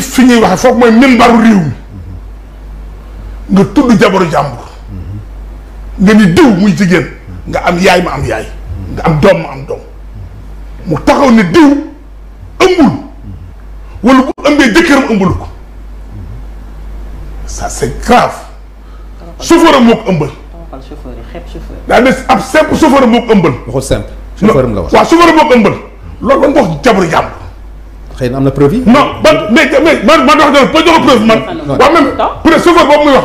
ci fi ñuy waxe foofu mooy mimbaru réew mi nga tudd jabaru jàmbur nga ni diw muy jigéen nga am yaay ma am yaay nga am doom ma am doom mu taxaw ne diw ëmbul wala bu ëmbee jëkkëram ëmbul ko ça c'est grave chauffeur am moo ko ëmbal daa des ab simple chauffeur am moo ko ëmbal waxul simple chauffeur am la wax waaw am loolu ba nga jàmbur xëy na am na preuve yi. non man mais mais man man wax dëgg ba jox preuve man. waaw même peut être chauffeur boobu muy wax.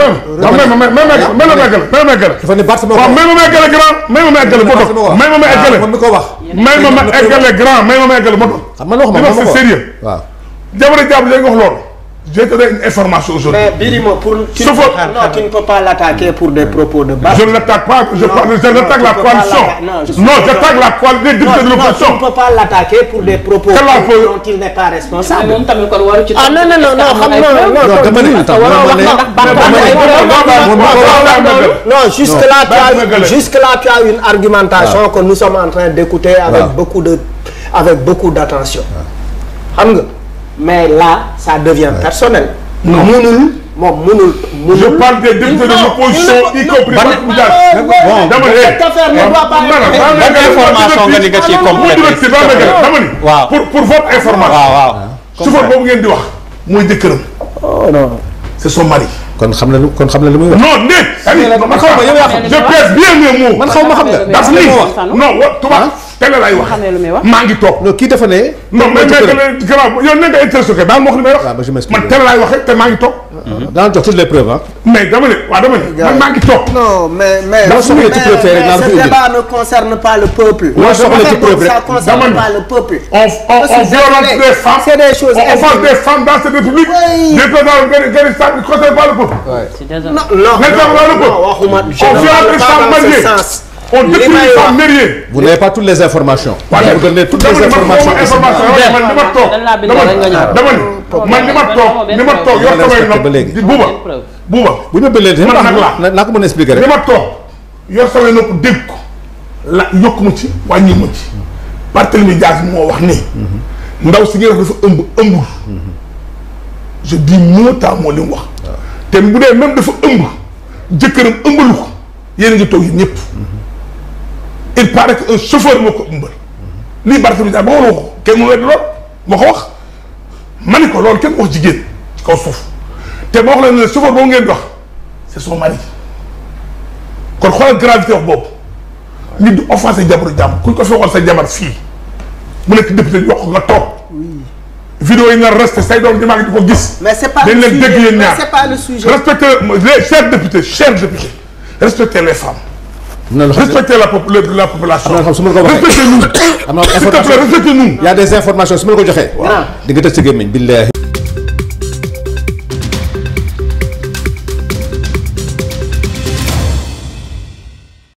même même même la may gën a may gën a. dafa ne Barth ma ko wax waaw may ma may gën a grand. may ma may gën a moto may ma may eggale. waaw man mi ko wax. may ma may eggale grand may ma may eggale moto. xam nga loo xam ne moom moo ko wax li ma c'est sérieux. waaw jamono jàpp nga wax loolu. j'ai une information aujourd'hui. Mais Birimo, pour, tu, ne peux, pas, non, tu ne peux pas l'attaquer pour propos de base. non, je, la coalition. Non, j'attaque la coalition des députés de l'opposition. Tu ne peux pas l'attaquer pour des propos dont il n'est pas responsable. Ah mais là ça devient personnel. non mënul. moom mënul mënul. je parle des députés de l'opposition y compris Makhmoud Diagne. bon dama ne cette affaire ne doit pas être. information nga ni nga ciy complété. dama ni. waaw pour pour votre information. waaw waaw chauffeur boobu ngeen di wax. mooy jëkkëram. oh non. c'est son mari. kon xam na lu kon xam na lu muy wax. non déet. man xaw ma yow yaa xam. je pèse bien mes mots. man xaw ma xam nga. ndax lii non wa tubaab. tele laay wax maa ngi toog. non kii dafa ne. non mais mais garaaw yow na nga intersoké daal moo xam ne may wax. man tele laay waxee te maa ngi toog. daan jox toutes les preuves ah. mais dama ne waaw dama ne man maa ngi toog. non mais mais mais ce débat ne concerne pas le peuple. waaw soxla ci preuve rek dama ne on on on violente des femmes. c'est des choses on offense des femmes dans cette république. des présidents gën a ne concerne pas le peuple. non non non waxuma. on violente des femmes mariées. on détruit les femmes mariées. vous n'avez pas toutes les informations. waaw vous donnez toutes les informations man li ma toog dama ni man li ma toog li samay nopp di ñu ma bëlee man nag laa naa ko mën a expliquer rek li ma toog yor samay ko la yokku ma ci wàññi ma ci Barthélémy moo wax ni mhm. ndaw si ngeen wax dafa ëmb ëmbul mhm. je dis mot à mot wax ah. te bu dee même dafa ëmb jëkkëram ëmbalu ko yéen ngi toog yi ñëpp mhm. il paraît que un chauffeur moo ko ëmbal lii Barthélémy Dias ba wala wax kenn mu wedd lool moo ko wax ma ni ko loolu kenn wax jigéen ci kaw suuf te boo xam ne chauffeur boobu ngeen dox c'est son mari kon xoolal gravité wax boobu nit du offensé jabaru jàmm kuñ ko fi waxoon sa jabar fii mu nekk député yokk nga toog vidéo yi nga resté say doom jamaa ngi di ko gis mais c'est pas dañ leen dégg yéen ñaar respecté les chers députés chers députés respectez les femmes respectez la pop la population. respectez nous. am na information s'il te plaît respectez nous. des informations su ma la ko joxee. waaw di nga tëj sa gémmiñ billaahi